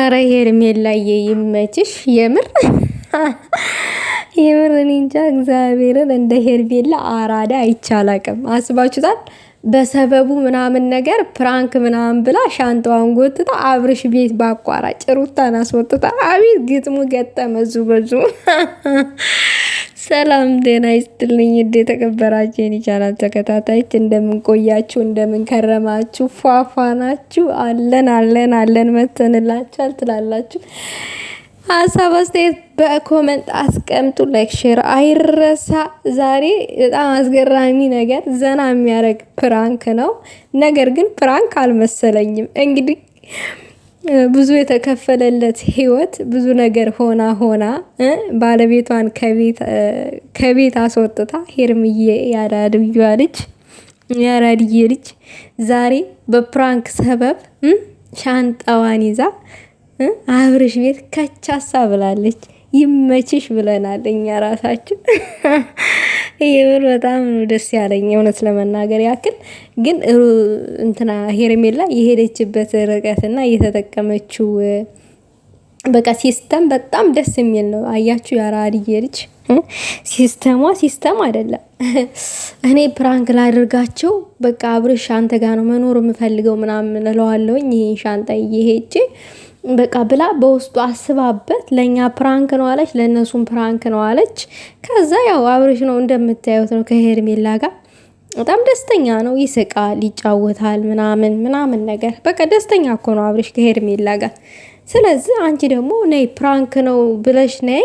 አረ ሄርሜላዬ ይመችሽ። የምር የምር እኔ እንጃ እግዚአብሔርን እንደ ሄርሜላ አራዳ አይቻላቅም። አስባችሁታል? በሰበቡ ምናምን ነገር ፕራንክ ምናምን ብላ ሻንጣዋን ጎትታ አብርሽ ቤት በአቋራጭ ሩታን አስወጥታ አቤት ግጥሙ ገጠመ ዙ በዙ ሰላም ጤና ይስጥልኝ። እንዴ የተከበራችሁ የኔ ቻናል ተከታታዮች እንደምን ቆያችሁ? እንደምን ከረማችሁ? ፏፏናችሁ? አለን አለን አለን መተንላችኋል ትላላችሁ። ሀሳብ አስተያየት በኮመንት አስቀምጡ። ላይክ ሼር አይረሳ። ዛሬ በጣም አስገራሚ ነገር ዘና የሚያደርግ ፕራንክ ነው። ነገር ግን ፕራንክ አልመሰለኝም እንግዲህ ብዙ የተከፈለለት ህይወት ብዙ ነገር ሆና ሆና ባለቤቷን ከቤት አስወጥታ ሄርምዬ ያራድያ ልጅ ያራድዬ ልጅ ዛሬ በፕራንክ ሰበብ ሻንጣዋን ይዛ አብርሽ ቤት ከቻሳ ብላለች። ይመችሽ ብለናል እኛ ራሳችን። የምር በጣም ደስ ያለኝ እውነት ለመናገር ያክል ግን እንትና ሄርሜላ የሄደችበት ርቀትና እየተጠቀመችው በቃ ሲስተም በጣም ደስ የሚል ነው። አያችሁ የአራድዬ ልጅ ሲስተሟ ሲስተም አይደለም። እኔ ፕራንክ ላድርጋቸው በቃ አብርሽ አንተ ጋር ነው መኖር የምፈልገው ምናምን እለዋለሁኝ። ይሄን ሻንጣ እየሄጄ በቃ ብላ በውስጡ አስባበት ለእኛ ፕራንክ ነው አለች፣ ለእነሱም ፕራንክ ነው አለች። ከዛ ያው አብርሽ ነው እንደምታዩት ነው ከሄርሜላ ጋር በጣም ደስተኛ ነው፣ ይስቃል፣ ይጫወታል፣ ምናምን ምናምን ነገር በቃ ደስተኛ እኮ ነው አብርሽ ከሄርሜላ ጋር። ስለዚህ አንቺ ደግሞ ነይ ፕራንክ ነው ብለሽ ነይ፣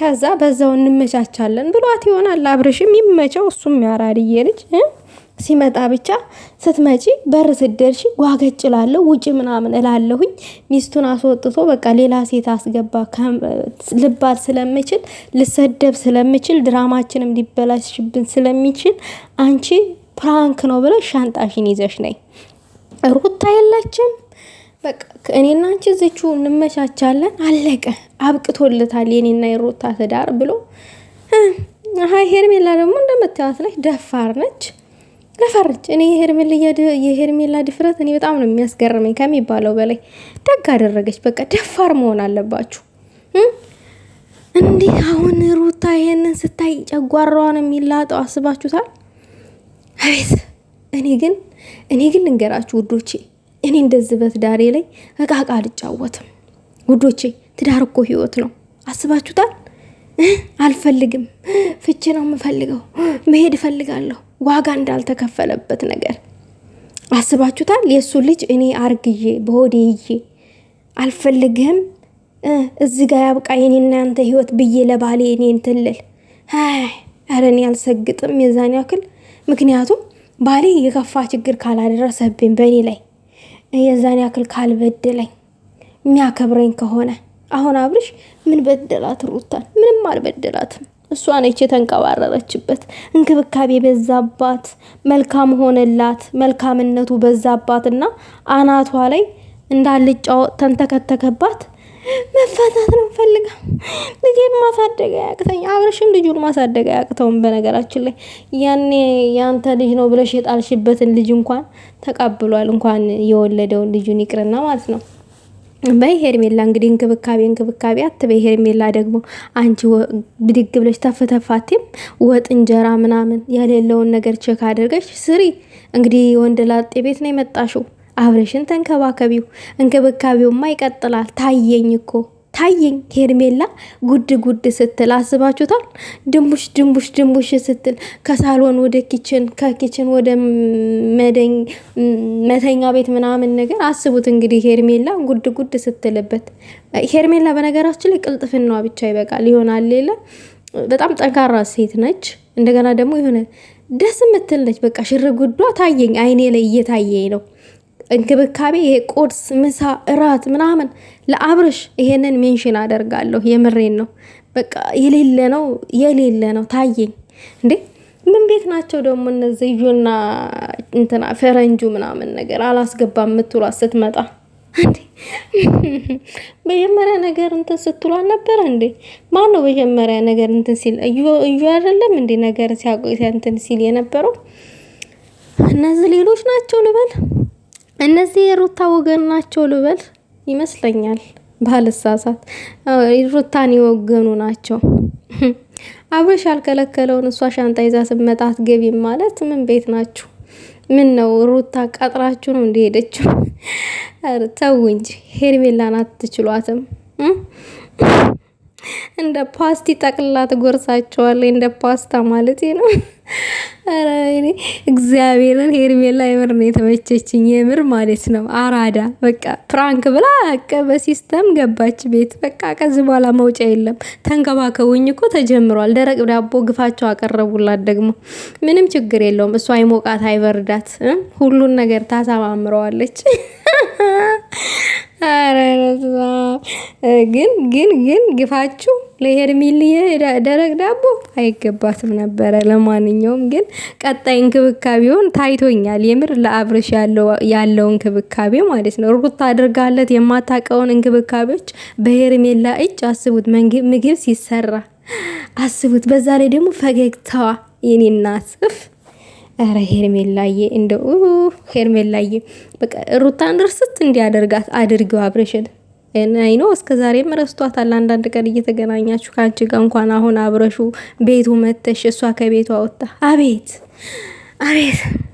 ከዛ በዛው እንመቻቻለን ብሏት ይሆናል። አብርሽም ይመቸው፣ እሱም ያራድዬ ልጅ ሲመጣ ብቻ ስትመጪ በር ስደርሺ ጓገጭ እላለሁ ውጭ ምናምን እላለሁኝ። ሚስቱን አስወጥቶ በቃ ሌላ ሴት አስገባ ልባል ስለምችል ልሰደብ ስለምችል ድራማችንም ሊበላሽብን ስለሚችል አንቺ ፕራንክ ነው ብለሽ ሻንጣሽን ይዘሽ ነይ። ሩታ የለችም። በቃ እኔና አንቺ ዝቹ እንመቻቻለን። አለቀ፣ አብቅቶለታል የኔና የሩታ ትዳር ብሎ ሀይ ሄርሜላ ደግሞ እንደምታዩት ነች፣ ደፋር ነች። ለፈርጅ እኔ የሄርሜላ ድፍረት እኔ በጣም ነው የሚያስገርመኝ ከሚባለው በላይ ደግ አደረገች። በቃ ደፋር መሆን አለባችሁ። እንዲህ አሁን ሩታ ይሄንን ስታይ ጨጓራዋን የሚላጠው አስባችሁታል? አቤት! እኔ ግን እኔ ግን ልንገራችሁ ውዶቼ፣ እኔ እንደዚህ በትዳሬ ላይ እቃቃ አልጫወትም ውዶቼ። ትዳር እኮ ህይወት ነው። አስባችሁታል? አልፈልግም፣ ፍቺ ነው የምፈልገው፣ መሄድ እፈልጋለሁ ዋጋ እንዳልተከፈለበት ነገር አስባችሁታል? የእሱ ልጅ እኔ አርግዬ በሆዴዬ አልፈልግህም እዚህ ጋ ያብቃ የኔ እናንተ ህይወት ብዬ ለባሌ እኔ እንትልል ኧረ እኔ አልሰግጥም የዛን ያክል ምክንያቱም ባሌ የከፋ ችግር ካላደረሰብኝ በእኔ ላይ የዛን ያክል ካልበደለኝ የሚያከብረኝ ከሆነ አሁን አብርሽ ምን በደላት ሩታን ምንም አልበደላትም እሷ ነች የተንቀባረረችበት። እንክብካቤ በዛባት፣ መልካም ሆነላት፣ መልካምነቱ በዛባትና አናቷ ላይ እንዳልጫው ተንተከተከባት። መፈታት ነው ፈልጋ ልጄን ማሳደግ አያቅተኝ። አብረሽም ልጁን ማሳደግ አያቅተውም። በነገራችን ላይ ያኔ ያንተ ልጅ ነው ብለሽ የጣልሽበትን ልጅ እንኳን ተቀብሏል። እንኳን የወለደውን ልጁን ይቅርና ማለት ነው። በይ ሄርሜላ እንግዲህ እንክብካቤ እንክብካቤ አትበይ። ሄርሜላ ደግሞ አንቺ ብድግ ብለሽ ተፍተፋቲም ወጥ እንጀራ ምናምን የሌለውን ነገር ቼክ አድርገሽ ስሪ። እንግዲህ ወንድ ላጤ ቤት ነው የመጣሽው። አብረሽን ተንከባከቢው። እንክብካቤውማ ይቀጥላል። ታየኝ እኮ ታየኝ ሄርሜላ ጉድ ጉድ ስትል አስባችሁታል? ድንቡሽ ድንቡሽ ድንቡሽ ስትል ከሳሎን ወደ ኪችን ከኪችን ወደ መተኛ ቤት ምናምን ነገር አስቡት እንግዲህ ሄርሜላ ጉድ ጉድ ስትልበት። ሄርሜላ በነገራችን ላይ ቅልጥፍናዋ ብቻ ይበቃል ይሆናል ሌለ በጣም ጠንካራ ሴት ነች። እንደገና ደግሞ የሆነ ደስ የምትል ነች። በቃ ሽርጉዷ ታየኝ፣ አይኔ ላይ እየታየኝ ነው። እንክብካቤ ይሄ ቁርስ፣ ምሳ፣ እራት ምናምን ለአብርሽ ይሄንን ሜንሽን አደርጋለሁ። የምሬን ነው። በቃ የሌለ ነው የሌለ ነው ታየኝ። እንዴ ምን ቤት ናቸው ደግሞ እነዚህ እዩና እንትና ፈረንጁ ምናምን ነገር አላስገባም የምትሏት ስትመጣ እንዴ መጀመሪያ ነገር እንትን ስትሉ አልነበረ እንዴ? ማን ነው መጀመሪያ ነገር እንትን ሲል እዩ አይደለም እንዴ? ነገር ሲያቆይ እንትን ሲል የነበረው እነዚህ ሌሎች ናቸው ልበል። እነዚህ የሩታ ወገን ናቸው ልበል ይመስለኛል፣ ባለሳሳት ሩታን የወገኑ ናቸው። አብረሽ ያልከለከለውን እሷ ሻንጣ ይዛ ስትመጣ አትገቢም ማለት ምን ቤት ናችሁ? ምን ነው ሩታ ቀጥራችሁ ነው እንደሄደችው? ተው እንጂ ሄርሜላን አትችሏትም። እንደ ፓስቲ ጠቅልላ ትጎርሳቸዋለች። እንደ ፓስታ ማለት ነው። ኧረ እግዚአብሔርን ሄርሜላ የምር ነው የተመቸችኝ። የምር ማለት ነው አራዳ በቃ ፕራንክ ብላ ቀ በሲስተም ገባች ቤት በቃ ከዚህ በኋላ መውጫ የለም። ተንከባከቡኝ እኮ ተጀምሯል። ደረቅ ዳቦ ግፋቸው አቀረቡላት። ደግሞ ምንም ችግር የለውም እሷ አይሞቃት አይበርዳት፣ ሁሉን ነገር ታሳማምረዋለች። ግን ግን ግን ግፋችሁ ለሄርሜላዬ ደረቅ ዳቦ አይገባትም ነበረ። ለማንኛውም ግን ቀጣይ እንክብካቤውን ታይቶኛል። የምር ለአብርሽ ያለው እንክብካቤ ማለት ነው። ሩት አድርጋለት የማታውቀውን እንክብካቤዎች በሄርሜላ እጅ አስቡት። ምግብ ሲሰራ አስቡት። በዛ ላይ ደግሞ ፈገግታዋ የኔ እናት ረ ሄርሜላዬ እንደ ሄርሜላዬ በቃ ሩታን ርስት እንዲያደርጋት አድርጊው አብረሽን ነው እስከ ዛሬም ረስቷታል። አንዳንድ ቀን እየተገናኛችሁ ከአንቺ ጋር እንኳን አሁን አብረሹ ቤቱ መተሽ እሷ ከቤቷ ወጣ አቤት አቤት